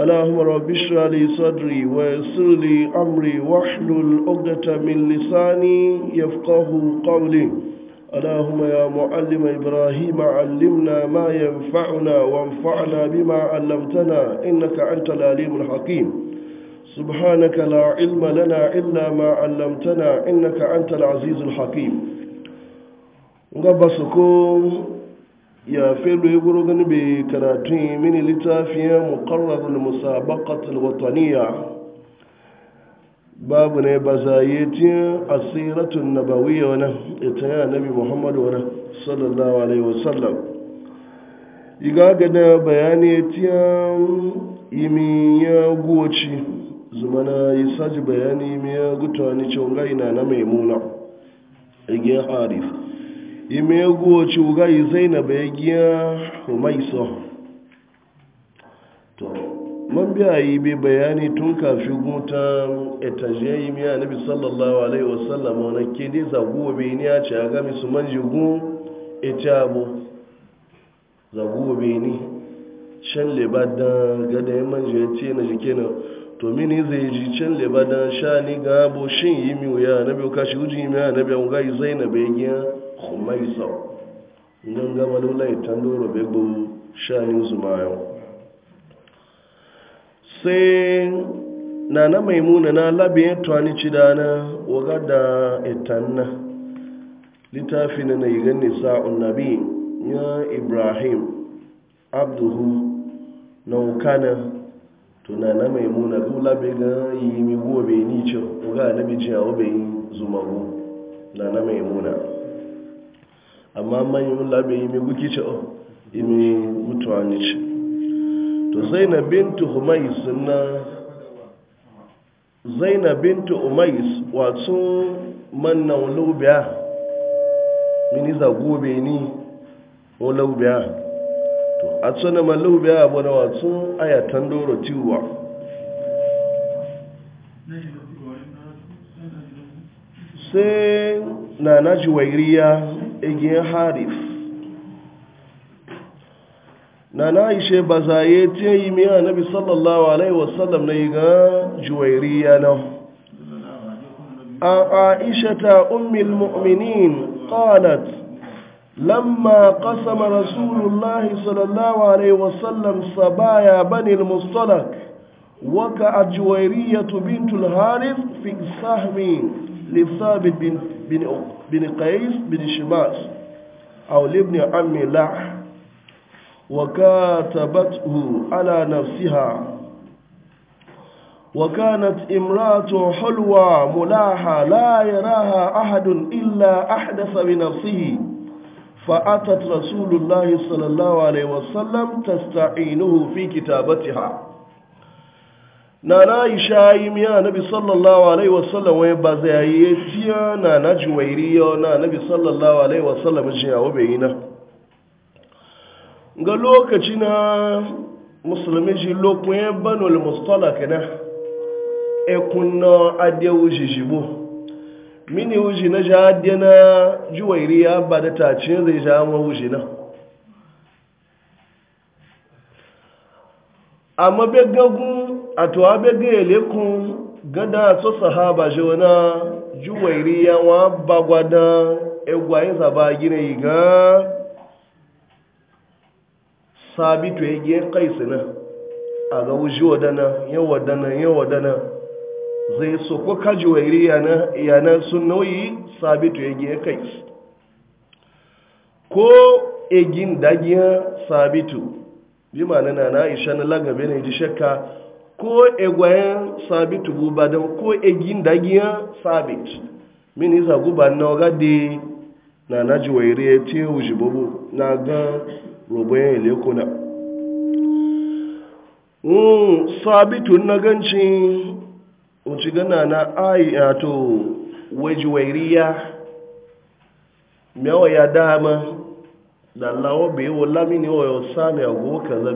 اللهم رب اشرح لي صدري ويسر لي امري واحلل عقدة من لساني يفقه قولي اللهم يا معلم ابراهيم علمنا ما ينفعنا وانفعنا بما علمتنا انك انت العليم الحكيم سبحانك لا علم لنا الا ما علمتنا انك انت العزيز الحكيم غبسكم ya felo ya guro gani bai karatun mini littafiyan mukarrarul musabaqatul wataniya babu ne ba zaye tin asiratun nabawiyya wani ita ya nabi muhammadu wani sallallahu alaihi wasallam iga gada bayani tiyan imi ya goci zumana yi saji bayani imi ya gutuwa wani cewa ina na maimuna igiyar harif ime guwa ci wuga yi na ya giya humaisa to man biya yi bi bayani tun kafi guta etaje yi miya bi sallallahu alaihi wasallam wani ke dai zaguwa bai ni ya ce a gami su man jigun ita abu zaguwa bai ni can libadan gada yi man ji ce na jike na to mini zai ji can libadan sha ni ga abu shin yi miya shi kashi hujji miya nabi ya wuga yi na ya giya su mai sau nan gama lulai tan doro bego shanin su bayan sai na na maimuna na labiyan tuwani cidana waga da itanna littafi na na yigan nisa'un nabi ya ibrahim abduhu na ukana tuna na maimuna gula ga yi mi gobe ni ce waga na bijiya wabe yi zumaru na na maimuna amma manyan yi mai guki ce oh, imi mutuwa ne ce to zainab bintu humais na zainab bintu humais wato mannan laubiya miniza gobe ni o laubiya to a tsana ma laubiya abu da wato ayatan doro tiwa sai na naji wairiya igiyar harif na na ishe ba ta e yi miya anabi sallallahu alaihi wasallam na yi ga juwairiya na a aisha ta ummil mu'minin qalat لما قسم رسول الله صلى الله عليه وسلم سبايا بني المصطلق وكأت جويرية بنت الحارث في سهم لثابت بن, بن بن قيس بن شماس أو لابن عم لح وكاتبته على نفسها وكانت امرأة حلوة ملاحة لا يراها أحد إلا أحدث بنفسه فأتت رسول الله صلى الله عليه وسلم تستعينه في كتابتها na na aisha yi miya nabi sallallahu alaihi wasallam wai ba zai yayi ya tiya na na juwairi ya na nabi sallallahu alaihi wasallam shi yawo bai yi na ga lokaci na musulmi shi lokun ya al mustala kana ekun na adiya wuce shi bu mini wuce na ja adiya na juwairi ya ba da tace zai ja ma wuce na amma bai gagun a tuwa bege gada so sahaba jona juwairi ya wa bagwada egwa zaba gina yi ga sabitu ege yi aga na a ga wadana yan wadana yan wadana zai so ko ka juwairi yana sun nauyi sabitu ege kais ko egin dagiya sabitu bi ma'ana na na isha na lagabe ne ji shakka ko egwayen sabitu bu ba don ko egin dagiya sabit min guba na ga de na na ji waire na gan roboyen lekuna mm sabitu na ganci uci na ayi ato waji ya mewa ya dama da lawo bai lamini mini wa yau sami agogo kaza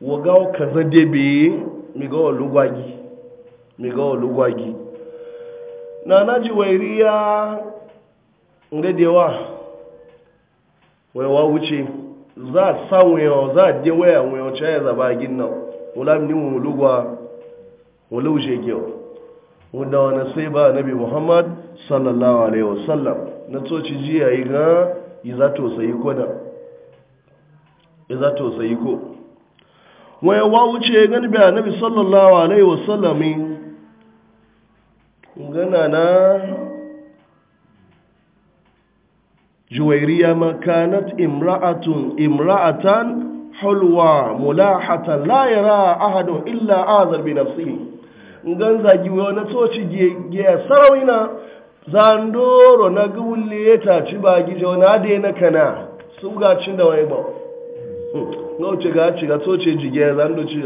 ga wagawo kaza debe migawo lugwagi migawo lugwagi na na naji wairiya ngadewa waiwa wuce za a sa wuyan za a de waya wuyan caya zaba ginnan wula ni mu lugwa wula wuce gewa wanda wani sai ba nabi muhammad sallallahu alaihi wasallam na tsoci jiya yi ga yi za to sayi ko da yi za to sayi ko wai wa wuce gani bi annabi sallallahu alaihi wasallami gana na juwairiya makanat imra'atun imra'atan hulwa mulahatan la yara ahadun illa azar bi nafsihi Gan zagi wani toci ge sarawina zandoro na gulle ta ci ba gijo na de na kana su gacin da wani ba na oce ga ci ga soce jige zan do ci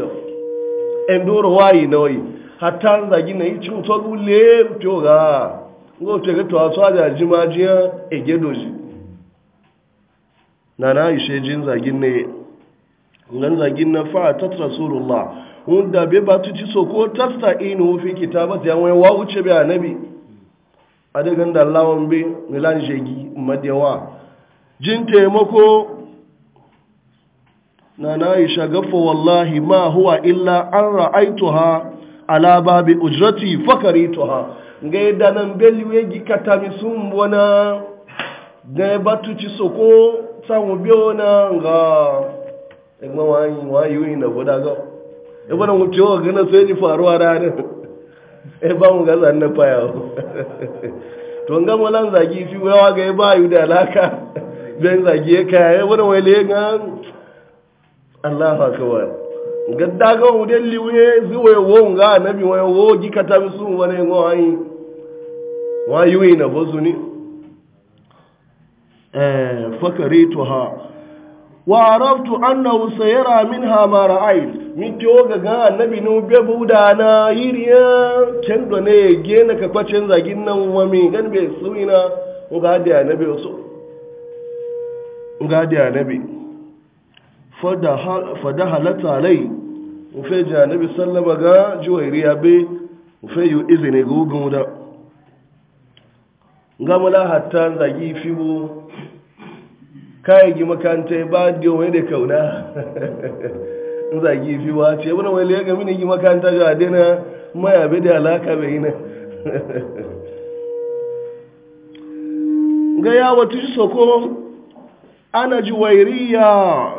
enduro wayi noyi hatta zagi na yi cin to gule to ga ngo te ga to aso da jimajiya ege doji na na ishe jin zagin ne ngan zagin na fa ta rasulullah wanda be ba tuci so ko tasta inu fi kitabati yan wai wa uce be annabi adagan da lawan be milan shegi madiyawa jin taimako na na yi gafa wallahi ma huwa illa an ha ala babi ujrati ha ga yadda nan beliwe gi katami sun wana ga ci soko samu biyo na ga ẹgbọ́n wa wayi wa yi na fọdá ga ẹgbọ́n na wuce wa gana sai ni faruwa ranar ɗai ba mu gaza na faya o to n gama lan zagi fi yawa ga ya e ba yi da alaka ben zagi ya e kaya e ya wani wani le Allahu akbar gadda ga mu liwe wuye zuwe wo nga nabi wa wo gikata bisu wane ngo ayi eh, wa yuwi na bozuni eh ha wa araftu annahu sayara minha ma ra'ayt miti o ga nabi nu be buda na yiriya can do ne ge na ka kwacin zagin nan wa mi gan be suina ga da annabi so ga da nabi fada halatta alai ufe ji annabi sallama ga juwairi ya be ufe yi izini ga ugun da gamala hatta zagi fi bu kayan gi makanta ba da wani da kauna zagi fi ba ce wani wani ya gami ne gi makanta ga adina maya be da alaka bai na ga yawa tuji soko ana juwairiya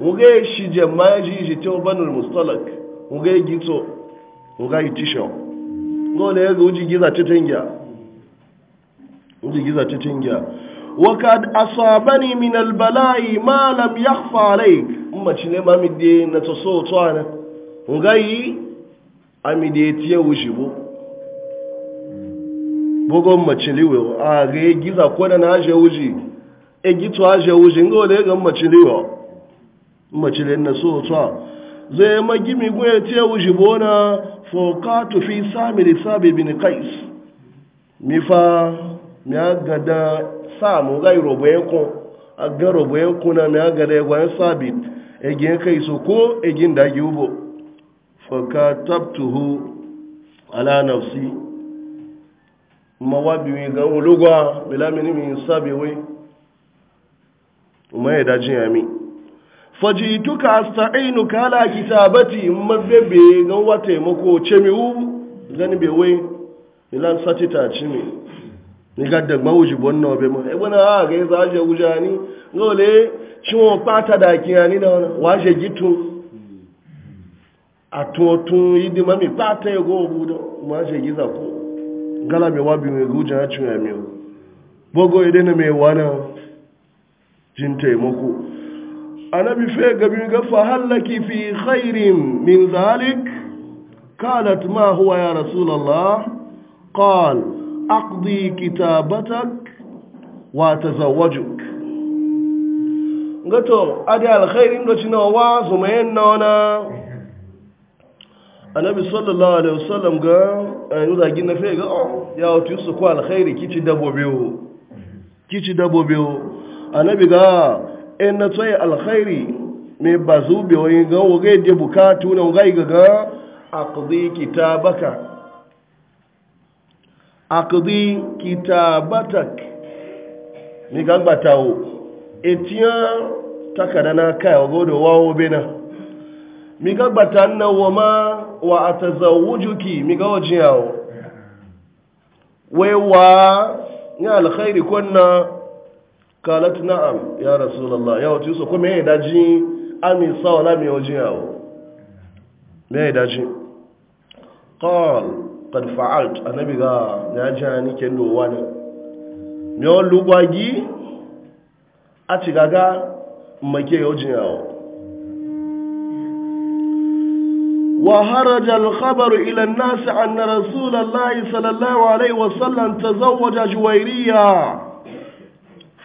uga shi jamaji ji to banul mustalak uga gito uga yitisho ngole yaga uji giza titinga uji giza titinga وقد أصابني من البلاء ما لم يخفى عليك أما تشيني ما مدي نتصو توانا ونغاي أمدي تيه وشبو bogo maciliwe a ga yi giza ko da na aje wuji e gito aje wuji ngo le ga maciliwe macilin na so tsa zai magimi gwe tiya wuji bona fokatu tufi sami sabi bin kais mifa fa gada samu gai roboyen kun aga roboyen kuna mi gada ya gwayen sabi egin kaiso ko egin dagi ubo tabtuhu ala nafsi mawabi mi ga olugwa bilamini mi sabi wai umar ya dajin ya mi fajituka asta'inuka ala kitabati mabebe ga wata mako chemi u zani be we ilan satita chimi ni gadda mawuji bonno be mo e bona ha ga za je wujani ngole chimo pata da kiyani da wana waje gitu atotun idi mami pata e go budo waje giza ko gala be wabi me guja chimi amiyo bogo idena me wana jinte moko annabi fe gabi ga fa hallaki fi khairin min zalik qalat ma huwa ya rasulullah qal aqdi kitabatak wa tazawwajuk ngato ade alkhairin do cinawa wa zumayen nona annabi sallallahu alaihi wasallam ga ayu zagi na fe ga ya wato su ko alkhairi kici dabobe kici dabobe annabi ga in na tsaye alkhairi mai ba zube wani ga wagai da bukatu na gai ga ga aqdi kitabaka aqdi kitabatak gbata ga Eti etiya takada na kai wa godo wawo bena mi ga gbata na wa ma wa atazawujuki mi ga wajiyawo wai wa ni alkhairi kwanna kalat na'am ya rasulullah ya wato so kuma yayi daji ami sawala mi waje yawo me yayi daji qal qad fa'alt annabi ga ya ji ni ken do wani mi on وهرج الخبر إلى الناس أن رسول الله صلى الله عليه وسلم تزوج جويرية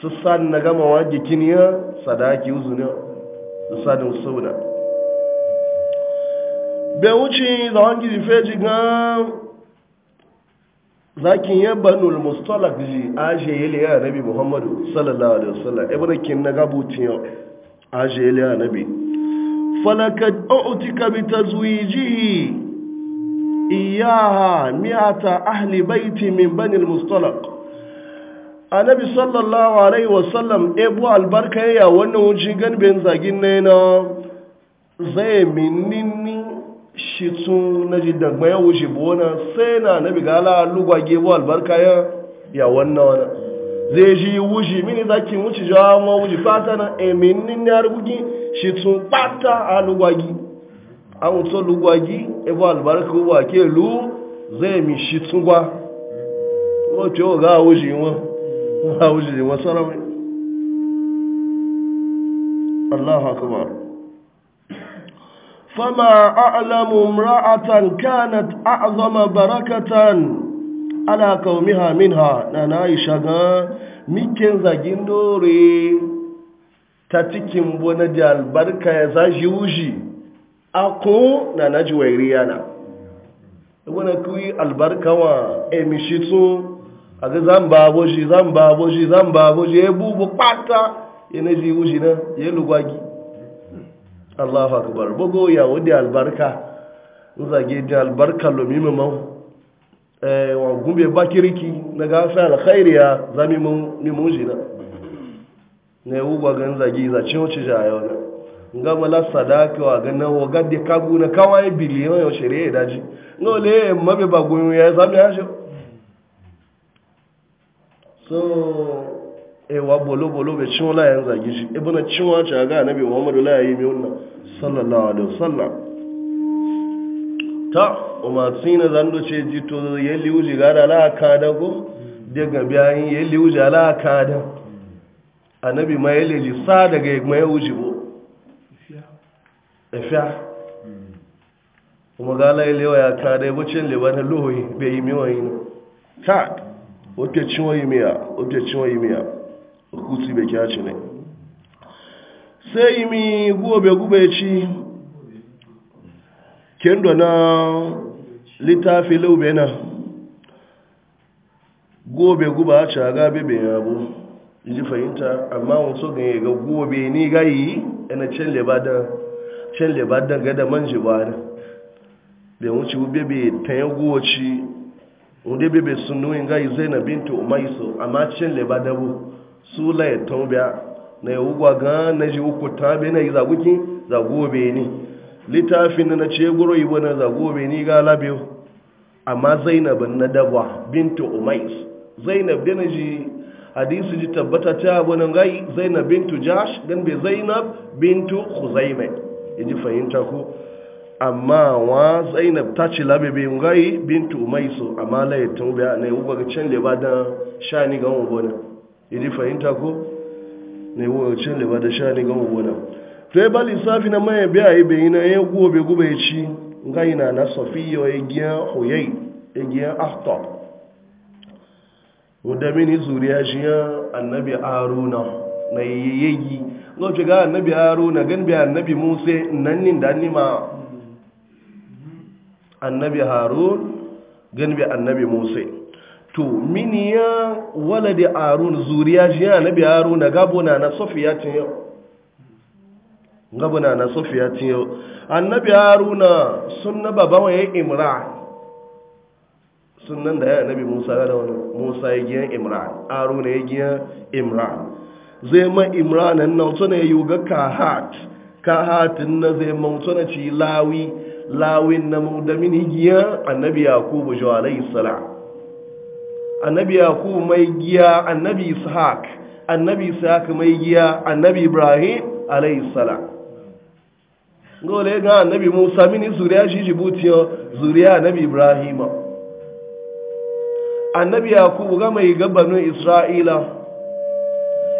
su san na gama wa jikin sadaki uzuni su san su na bai wuce da wani gife ga zakin ya banul mustalak ji aje yele ya nabi muhammadu sallallahu alaihi wasallam ibn e kin na gabutin ya aje yele ya nabi falakad u'tika bi tazwijihi iyaha mi'ata ahli baiti min bani al annabi sallallahu alaihi wasallam ebu albarka ya wannan wuce ganibin zagin ne na zai minni shi tun na ji dagba ya wuce buwana sai na annabi ga lugwa lugwage bu albarka ya ya wannan wani zai ji wuce mini zaki wuce jawa ma wuce fata na e eh, minni ya rugugi shi tun fata a gi an wuce lugwagi ebu albarka wa ke lu zai mi shi tun gwa wato ga wuce wọn hawuli da wasu ramai allahu akbar فما أعلم barakatan كانت أعظم بركة ha قومها na yi عائشة mikin zagin dore ta cikin wani da albarka ya zaji wuji ako na naji wairiyana wani kuyi albarkawa emishitun aga zamba aboshi zamba aboshi zamba aboshi ya bubu pata ya na jiwu shi nan ya lugwagi allahu akbar bugu ya wadda albarka zage da albarka lomi mamau eh, wa gube bakirki na gafe alkhairi ya zami mimun shi nan na yi ugwa gan zage zace wacce ja yau na nga mala sadaka wa ga nan wagadde kagu na kawai e biliyan yau shari'a ya e daji nga wale mabe bagun ya zami ya shi so ewa bolo-bolo bai cin wala yan zage shi na cin wace a ga nabi muhammadu la mai miwunna sallallahu alaihi wasallam ta umarci na zando ce jito ya liuji gada la kada ko daga bayan ya liuji la kada bi ma ya leji sa daga ma ya wuji bo efiya kuma ga la ya lewa ya kada ya bucin lewa na lohi bai yi miwayi yi ta oke cinwayi miya oke cinwayi miya hukusi bai kya ci ne sai mi gobe gube ci kendo na littafi laube na gobe guba a ci aga bebe ya bu ji fahimta amma wasu ga yi ga gobe ni gayi yana can lebadan gada manji ba da bai wuce bebe ta yi wanda bebe sunu nuyin gayi na bintu umaiso amma cin leba dabu su laye taubiya na ya wugwa ga na ji uku ta be na yi zaguki zagobe ni littafin na ce guro yi wani zagobe ni ga labiyo amma zainab na dabwa bintu umais zainab da na ji hadisi ji tabbata ta abunan gayi zainab bintu jash dan be zainab bintu khuzaimai ji fahimta ku. amma wa zainab ta ce labibi ngai bintu umaisu amma layatun biya ne uba ga can leba da shani ga mu bona idi fahimta ko ne uba ga can leba da shani ga mu bona to ba lissafi na mai biya yi bai na ya gobe gube ci ngai na na safiya ya giya afto ya giya ahtab wanda mini zuriya shi annabi aruna na yayyi ga annabi aruna gan biya annabi musa nan nin da ni ma annabi harun ganbe annabi musa to miniya walade harun zuriya ji ya annabi harun na gabona na sofiya tin yau gabona na sofiya tin yau annabi haruna sunna baban waye imran sunan da ya annabi musa da wani musa ya giyan imran haruna ya giyan imran zai ma imran nan nan suna yi ga kahat kahatin na zai ma na ci lawi lawin na mudamin higiya annabi yakubu jo alayhi salam annabi yakubu mai giya annabi ishaq annabi ishaq mai giya annabi ibrahim alayhi salam gole ga annabi musa mini zuriya shi jibuti zuriya annabi ibrahima annabi yakubu ga mai ga isra'ila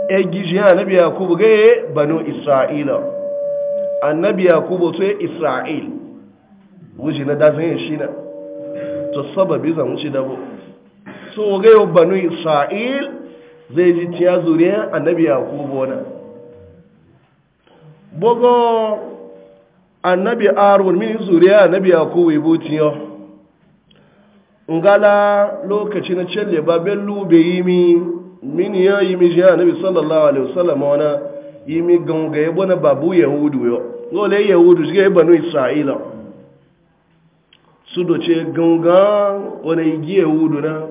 e giji annabi yakubu ga e banu isra'ila annabi yakubu sai e isra'il wuce na dazin ya shi na to sababi zan wuce bu so ga yau banu isra'il zai ji tiya zuriyar annabi yakubu wani bugo annabi arun min zuriyar annabi kubo ibu tiyo ngala lokaci na celle ba lube be mi min ya yi mi ji annabi sallallahu alaihi wasallam wana yi mi gangaye na babu yahudu yo ngole yahudu shi ga banu isra'ila su doce gangan wani igi yahudu na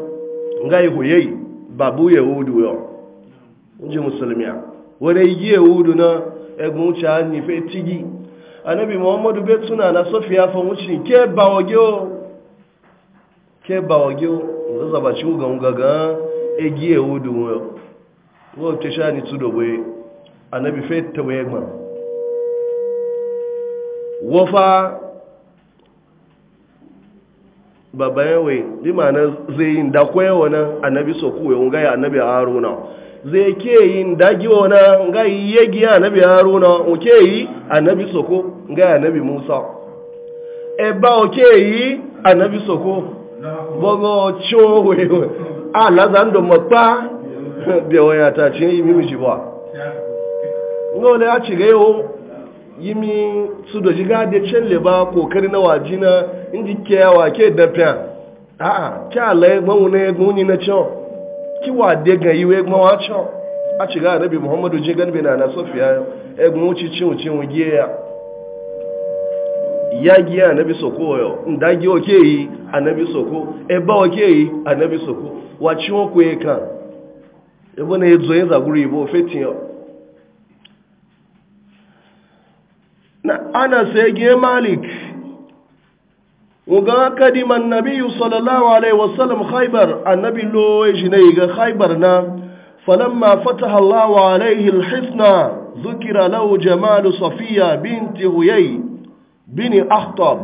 nga ihoyayi babu yahudu yau inji musulmi a wani igi yahudu na egun wuce a nife tigi anabi muhammadu bai na sofiya fa wuce ke bawage o ke bawage o zazzaba ci ugan igi yahudu yau wọ́n sha ni tudo wé anabi fẹ́ tẹ̀wé gbọ́n wọ́fà babban yawai bi ma'ana zai yi da wani annabi soku ya ngai annabi haruna zai ke yin dagi wani ngayi yagi annabi haruna oke yi annabi soku ngai annabi musa eba oke yi annabi soku bogo cho wewe a lazan do mapa bi waya ta yi mimi ba ngole a ci ga yimi su da jiga da challe ba kokari na wajina inji kewa ke da fiya a'a kya lai mawu ne guni na cewa ki wa de ga yiwe gmawa cewa a ciga rabi muhammadu je ganbe na na sofiya egun wuci cin wucin wuge ya ya giya anabi soko yo ndagi oke yi anabi soko eba oke yi anabi soko wa ciwon ku kan ebe na e ezo yin e zaguru ibo fetin yau na anas ya malik kadiman nabiyu sallallahu alaihi wasallam khaybar annabi lo shi khaybar na falamma fataha zukira lahu jamal safiya binti bin ahtab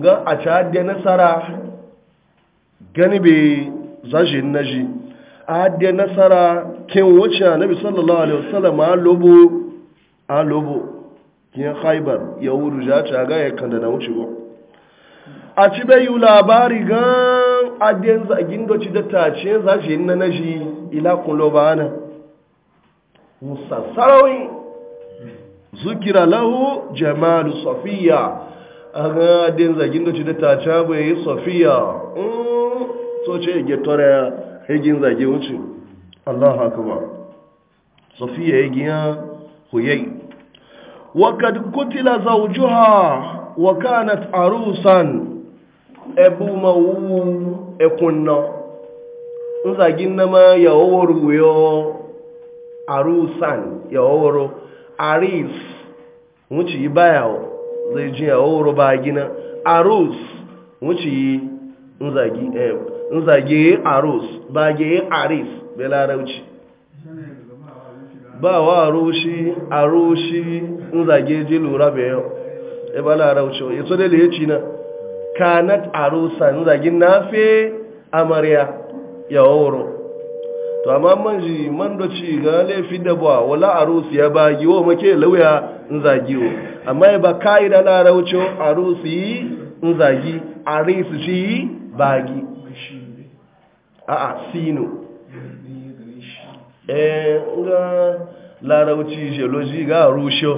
ga a ta nasara nasara kin wuce annabi sallallahu yin haibar ya wuru ja ta ga ya kan da na wuce ba a ci bai yi labari gan adiyan zagin da ci da ta ce za shi yi na na shi ila kulo ba na zukira lahu jamalu sofiya a ga adiyan zagin da ci da ta ce bai yi sofiya mm, so ce ya tore ya hegin zagin wuce allah haka ba safiya ya giya huyai وقد قتل زوجها وكانت عروسا ابو موو اكنا nzagin na ma yawawaru yo arusan yawawaru aris wuce yi bayawo zai ji yawawaru ba arus yi arus ba wa arushi arushi in zage ji lura bai yau e ba na ya e so dai e ya na kanat arusa ya woro to amma man ji ci ga laifi da ba wala ya ba giwo make lauya o amma ba na rauce arusi in zage shi bagi a sino ee nga larauci geology ga rushe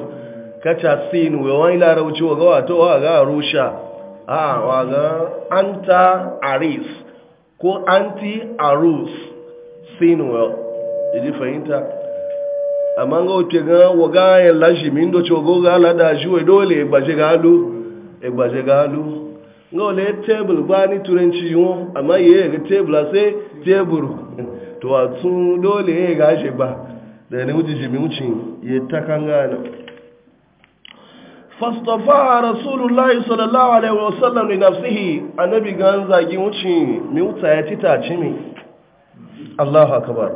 kacha sin we wani larauci wa wato wa ga rusha a waga anta aris ko anti arus sin we fahimta amma ga ote ga wa ga ya lashi min ga juwe dole e ga alu e ga alu nga ole table ba ni turanci yo amma ya ga table sai table to a tun dole ya gashe ba da ne wuce shi ya ta kan gana fastafa rasulullahi sallallahu alaihi wasallam li nafsihi annabi gan zagi wuce mi wuta ya ci tace mi Allahu akbar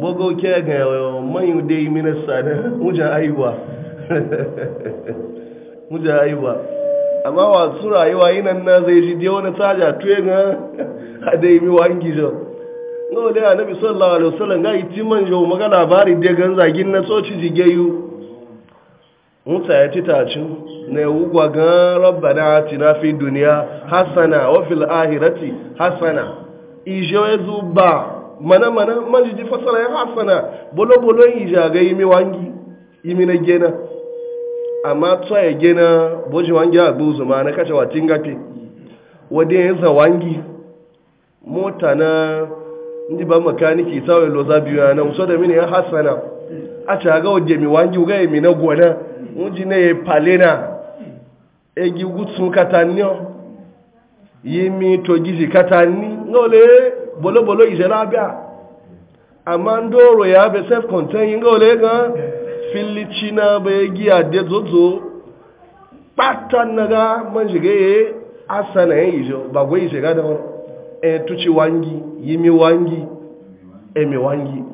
bogo ke ga mayu dai minista da wuce aiwa wuce aiwa amma wasu rayuwa yinan na zai ji dai wani taja tuye ga adai mi wangi jo no da annabi sallallahu alaihi wasallam ga iti man jo maga labari da gan zagin na soci jigeyu musa ya ci na yawu gwagan rabbana atina fi duniya hasana wa fil ahirati hasana ije ya zuba mana mana man ji fasara ya hasana bolo bolo ija ga yimi wangi yimi na gena amma to ya gena boji wangi a gbuzu ma na kace wa tingafi wadin ya wangi mota na ndi ba makaniki sawe lo zabi na so da mini ya hasana a ta ga waje mi wangi ga mi na gona muji ne palena e gi gutsun katanyo yimi to gizi katani ngole bolo bolo izela bia amandoro ya be self contained ngole ga filichina be gi ade zozo patanaga manjige asana yijo bagwe yijo ga da e eh, tuci wangi yimi wangi emi eh, wangi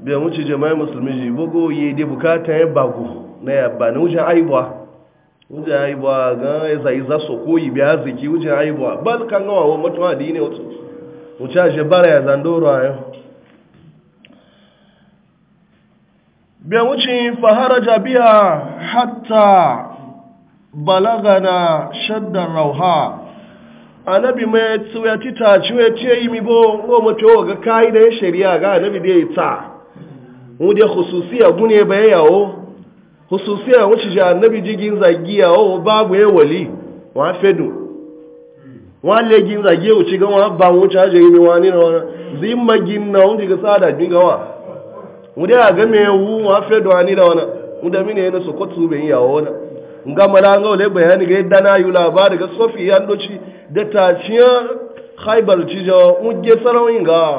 biya wuce jama'i musulmi ji bugu yi dai bukata ya bagu na yabba na wujen aibuwa wujen aibuwa ga ya zai za su koyi biya ziki wujen aibuwa ba su kan gawa mutum adi ne wasu wuce a shebara ya zandoro a yau biya wuce fahara jabiya hatta balagana shaddan rauha anabi mai tsuya tita ciwe ce yi mi bo ko mutu ga kai da shari'a ga anabi da yi ta mu da khususiya gune bai yawo khususiya wuce ji anabi jigin zagi yawo babu ya wali wa fedu wa legin zagi ya wuce ga wa ba wuce aje yi mi ni na wani zimma gin na wuce ga sada jin gawa mu da ga me wu wa fedu ani da wana. mu da mine su sokotu bai yawo na nga mana nga ole bayani ga yadda na yi labari ga sofi ya ndoci da taciya haibar cijo mujje sarawin ga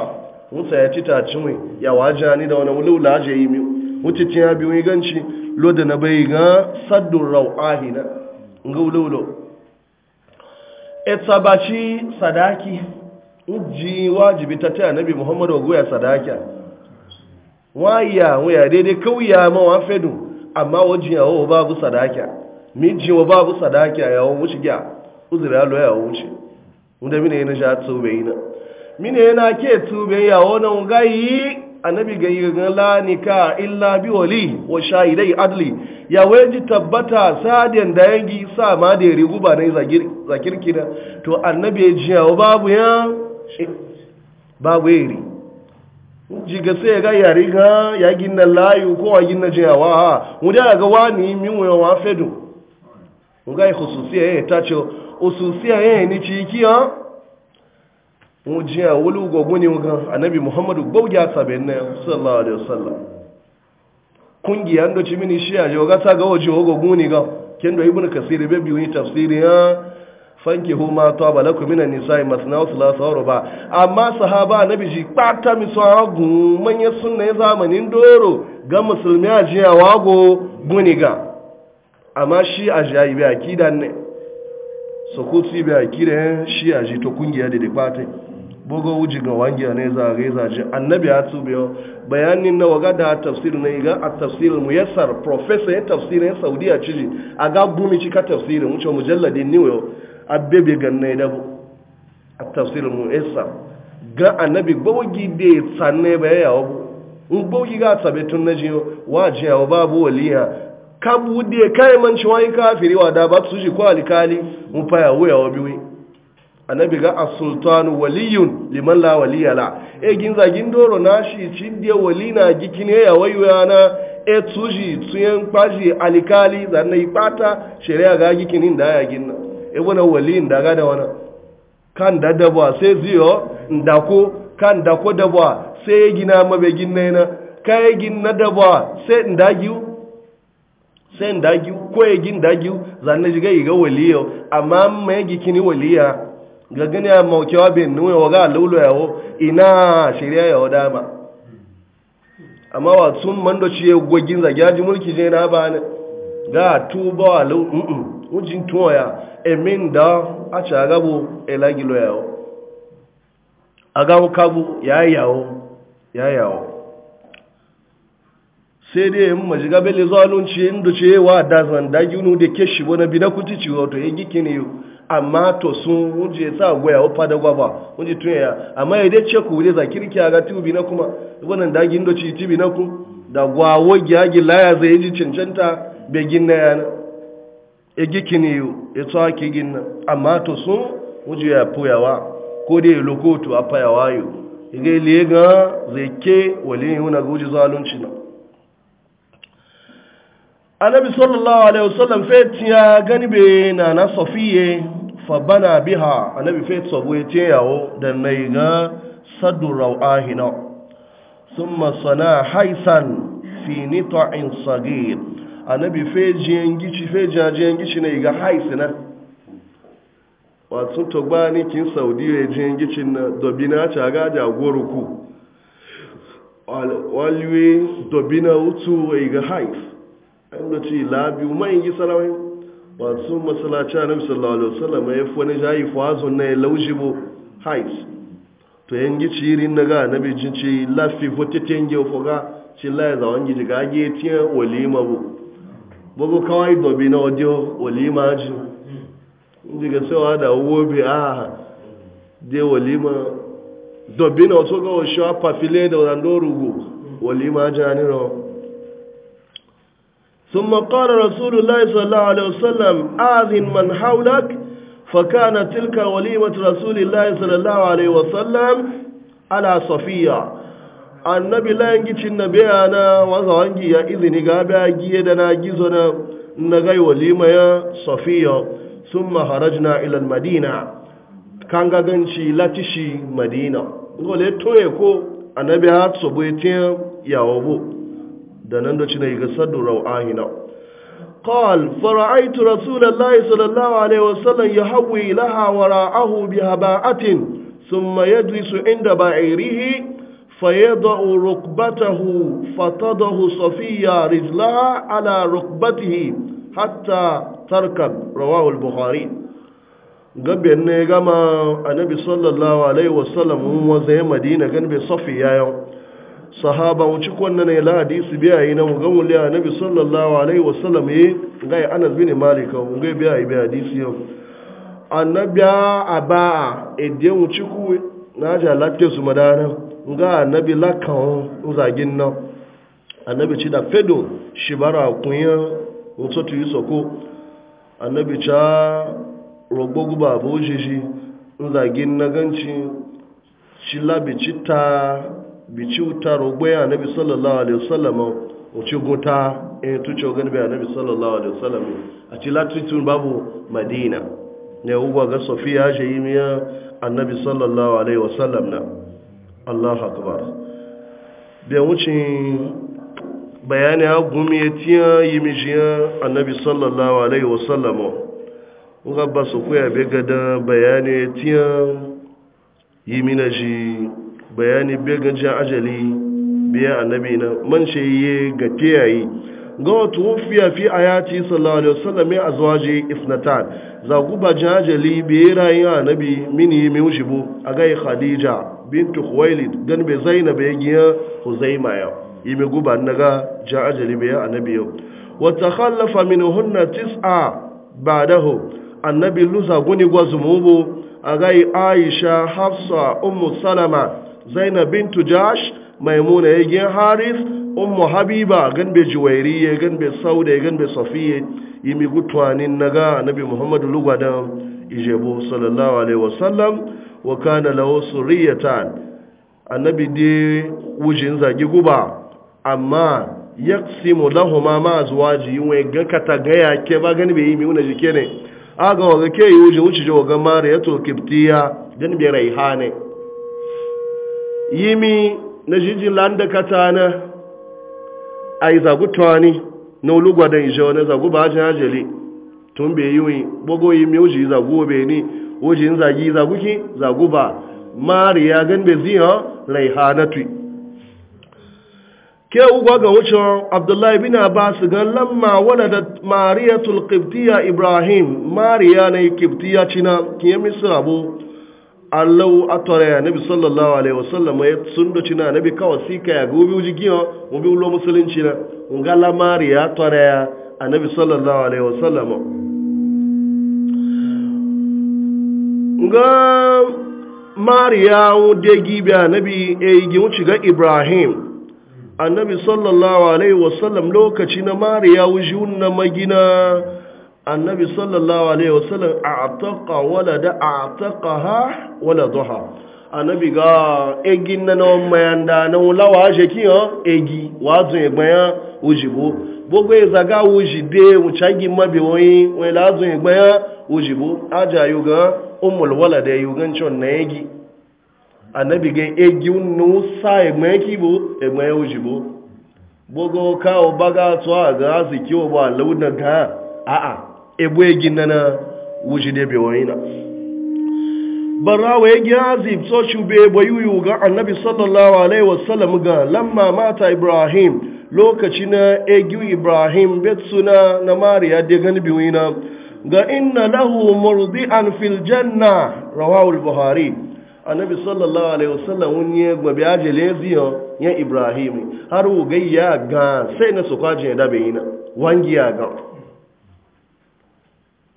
musa ya ci taciwe ya waje ni da wani wulu je yi mi wuce tiya biyu yi ganci loda na bai ga saddun rau'ahi na nga wulu wulu etsabaci sadaki uji wajibi ta taya nabi muhammadu goya sadaki waya waya daidai kauya ma wa fedu amma wajen yawo babu sadaki miji wa babu sadaki a yawon wuce gya uzuri alo yawon wuce wanda mine yana sha tube yi na mine yana ke tube yawon nan gayi annabi ga yirgan lanika illa bi wali wa shahidai adli ya waji tabbata sadin da yangi sa ma da ya rigu ba na zakirki na to annabi ya ji yawo babu ya babu ya ri ji ga sai ga yari ga ya gina layu ko a gina jiyawa ha mu ya ga wani min wa fedu ngai hususia yeye tacho hususia yeye ni chiikia mujia wulu gogoni ga annabi muhammadu gogja sabenne sallallahu alaihi wasallam kungiya ndo chimini shia jo ga saga oji ogoguni ga kendo ibnu kasir bebi wi tafsiri ya fanki huma taba lakum minan nisa'i mathna wa thalatha wa ruba amma sahaba annabi ji pata mi so agun manye sunna zamanin doro ga musulmi ajiya wago guniga amma shi a ji ayi bai akida ne su ko bai akida akida shi a ji to kungiya da dipate bogo wuji ga wangiya ne za a gaisa ji annabi ya tsu biyo bayanin na waga da tafsir ne ga a tafsir yasar professor ya tafsir ya saudi a ciji a ga gumi cika tafsirin wuce mujalladin ne yo abebe na idabu a tafsir muyassar ga annabi gbogi de tsanne ba ya yawo gbogi ga tsabe tun naji wajiya wa babu waliya kabu da kai man ci wani kafiri wa da ba su ji ko alikali. mun faya wuya wa biwi annabi ga as-sultan waliyun liman la waliya la e ginza gindoro na shi cindiya wali na gikine ya wayuya na e tuji tuyen kwaji alkali zanna ipata shari'a ga gikini da ya ginna e wana wali da ga da wana kan da ba sai ziyo ndako kan da ko ba sai gina mabe ginna na kai e ginna ba sai ndagiu sai da gi koye gin da gi zanne jiga waliyo amma mai gi kini waliya ga gani a maukewa bin nuna wa ga lulu yawo ina shirya yawo dama amma wa sun mando ci ya gwagin zagyaji mulki je na ba ne ga tuba wa lu mm ujin tuwaya emin da a ci a gabo elagilo yawo a gawo kabu ya yawo ya yawo sai dai yin majiga bele zalunci inda ce wa da zanda ginu da ke shi wani bi na kuti ci wato ya giki ne amma to sun wuje sa goya wa fada gwaba wuje tun ya amma ya dai ce ku dai za kirki a ga tubi na kuma wannan da ginu da ci tibi na ku da gwawo gyagi laya zai ji cancanta begin na yana ya giki ne ya tsawa ke gina amma to sun wuje ya poyawa ko dai lokoto a fayawa yau ya ga ile ga zai ke wale yi wuna ga wuje zalunci na annabi sallallahu alaihi wasallam fetin ya gani be na na safiye fa bana biha annabi fetin sabo ya ce yawo da mai ga saddu rawahina summa sana haisan fi nita'in sagir annabi fe jengici fe jengici ne ga haisina wato to ni kin saudi ya jengicin na dobina ta ga jagoruku walwe dobina utu ga hais inda ci labi mai yi sarawai wasu masalaci a nabi sallallahu alaihi wasallam ya fi wani jayi fazo na ya lauji bo hais to yan gi ci irin na ga nabi jin ci lafi ta- gi foga ci la ya zawon gi ga gi tiya walima bo bogo kawai dobi na wadio walima ji ndi ga sewa da wobe a de walima dobi na wato ga wa shafa file da wandoro go walima jani ro ثم قال رسول الله صلى الله عليه وسلم آذن من حولك فكان تلك وليمة رسول الله صلى الله عليه وسلم على صفية annabi layan na biya na wasa wangi ya izini ga biya giye da na gizo na na gai walima ya safiya sun maharajna ilal madina kan gaganci latishi madina gole toye ko annabi ha tsobo ya yawo da da cina ga saddu rau'ahina قال فرأيت رسول الله صلى الله عليه وسلم يهوي لها وراءه بهباءة ثم يجلس عند بعيره فيضع ركبته فتضه صفية رجلها على ركبته حتى تركب رواه البخاري قبل أن يقام النبي صلى الله عليه وسلم وزي مدينة قبل صفية يوم sahaba wuci kwanna ne la hadisi biya yi na mugan wuli a nabi sallallahu alaihi wasallam yi ga yi anas bin malika mugan biya yi biya hadisi yau annabi a ba'a idiyan wuci ku na aji halatta su madana ga annabi lakan zagin nan annabi ci da fedo shi bara kunyan mututu yi soko annabi ca rogbo guba abu shi shi zagin na ganci shi labi ci ta bici wuta rogbe a nabi sallallahu alaihi wasallam uci gota in e, tuce ogan bai a nabi sallallahu alaihi wasallam a ci latitun babu madina ne ugwa ga sofiya shi yi miya annabi sallallahu alaihi wasallam na allah akbar da wucin bayani a gumi ya tiya yi mijiyar annabi sallallahu alaihi wasallam ga ba su kuya bai gada bayani ya tiya yi minaji bayani bai gajin ajali biya annabi na man shayye ga tiyayi ga wata wufiya fi ci sallallahu alaihi wasallam ya azwaji isnatan za ba jin ajali biya rayin annabi mini mi bu a gai khadija bintu khuwailid gan bai zaina bai giya huzaima ya mai guba naga jin ajali biya annabi yau wata khallafa minhunna tis'a ba'dahu annabi lusa guni gwazumubu a gai aisha hafsa ummu salama zainab bintu jash maimuna ya gen haris ummu habiba gan be Ganbe gan be sauda gan be safiye yimi gutwanin naga nabi muhammadu lugwadan ijebo sallallahu alaihi wasallam wa kana lahu suriyatan annabi de wujin zagi guba amma yaqsimu lahumma ma azwaji wa ga kata ga yake ba gani be yimi wuna jike ne aga wa ga ke yuje wuce wuce jo ga mare ya to kiftiya gan be raihane yimi na jiji landa katana ai zagu twani na ulugwa da ijo na zagu ba jan ajele tun be yiwi bogo mi uji zagu be ni uji zagi zagu ki zagu ba mariya gan be ziyo laihanatu ke ugwa ga wucin abdullahi bin abbas gan lamma waladat mariyatul qibtiyya ibrahim mariya na kiftiya cina kiyami sirabo allahu atore ya nabi sallallahu alaihi wasallam ya sun doci na nabi kawai sika ya gobe uji giyo gobe ulo musulunci na nga lamari ya atore ya e a nabi sallallahu alaihi wasallam nga mariya wude gibe a nabi ya yi wuce ga ibrahim annabi sallallahu alaihi wasallam lokaci na mariya wuce na magina annabi sallallahu alaihi wasallam a'taqa walada a'taqaha waladaha annabi ga egi nana mayanda na lawa je kiyo egi wazu egbanya ujibo gbogbo izaga ujide uchagi mabi oyin we lazu egbanya ujibo aja yuga ummul walada yugan chon na egi annabi ga egi nu sa egbanya kibo egbanya ujibo gbogbo ka obaga to aga aziki obo alawna ga a'a ebe gina na wuji da Barra barawa ya gina azib to shi be yiwu ga annabi sallallahu alaihi wasallam ga lamma mata ibrahim lokaci na egi ibrahim betsuna na mariya da gani bewayina ga inna lahu murdi'an fil janna rawahu al-buhari annabi sallallahu alaihi wasallam wani ya gbabi ajiyar ziyan ya ibrahim har wugai ya ga sai na su kwajin ya dabe wangi ya ga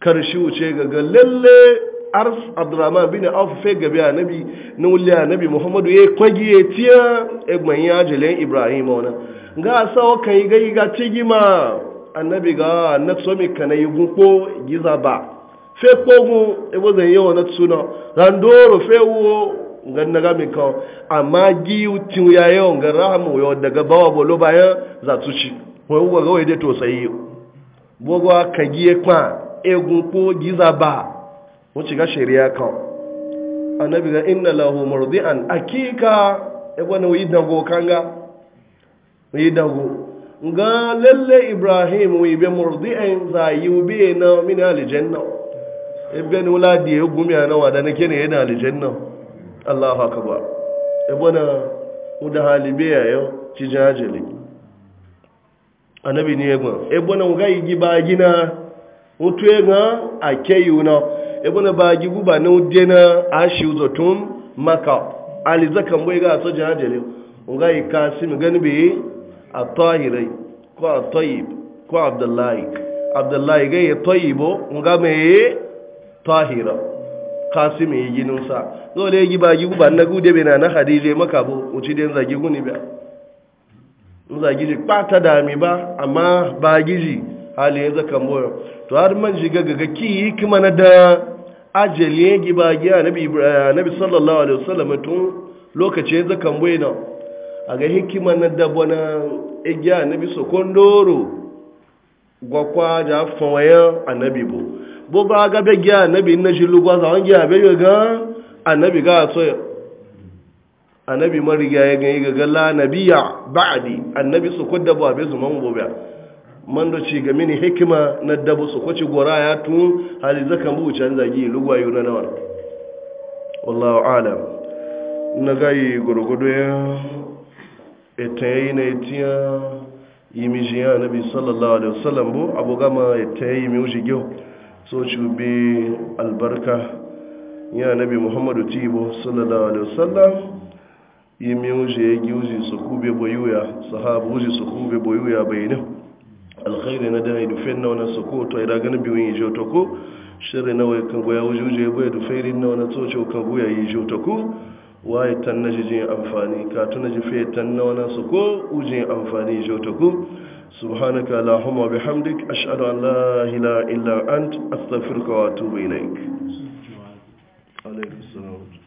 karshe wuce ga ga lalle arf abdurrahman bin auf fe gabe annabi na wuli annabi muhammadu ya kwagi ya tiya egman ya jalen ibrahim wana ga sawa kan ga ga tigima annabi ga na tsomi kana yi gunko giza ba fe kogun ebo zan yi wani tsuna randoro fe wo ngan na gami kan amma giyu tin ya yau ga rahamu yau daga bawa bolo bayan zatuci wani wa ga wai dai to sai bogo ka giye kwan egun ko giza ba wuce ga shari'a kan annabi ga inna lahu murdi'an akika e wani wi dago kanga yi dago ga lalle ibrahim wi be murdi'an za yubi na min aljanna ibn na ya gumi ana wada nake ne yana aljanna Allahu akbar e bana muda halibe ya yo cijajele annabi ne ya gwa e ga yi giba gina otu ega akeyuna ebona ba gi guba na ude na ashi tun maka aliza kan boye ga so jana jele ika si mi gani bi atahirai ko atayib ko abdullahi abdullahi ga yi tayibo unga me tahira kasim yi ginin sa dole gi ba gi guba na gude bi na na hadije maka bo uci den zagi guni ba zagi ji pata da mi ba amma ba giji hali yanzu zaka boye to har man shiga ga ki hikima na da ajali ya ba giya nabi sallallahu alaihi wasallam tun lokacin zakan bayyana a ga hikima na da bana igiya nabi sokondoro gwakwa ja fawaya annabi bo bo ba ga be giya nabi na shi lugwa za wangi a be ga annabi ga so annabi mariga ya ga ga la nabiya ba'di annabi kudda ba be zuman gobe man do ci ga mini hikima na dabu su kwaci gora ya tun hali zaka bu can zagi lugwayo na nawa wallahu alam na gayi gurgudu ya ita yi na itiya yi miji ya nabi sallallahu alaihi wasallam bu abu gama ita yi mi wuce gyau so ci bi albarka ya nabi muhammadu tibo sallallahu alaihi wasallam yi mi wuce ya gi wuce su kube boyuya sahabu wuce su kube boyuya bayanin alkhairi na dai du fen nauna su ko to ira ganin biwin yi jota ko shirri na wai kan goya wujuje boye du feri nauna to ce kan goya yi jota ko waye tan naji jin amfani ka tun naji fe tan na su ko ujin amfani jota ko subhanaka allahumma bihamdik ashhadu an la ilaha illa ant astaghfiruka wa atubu ilaik alaikum assalam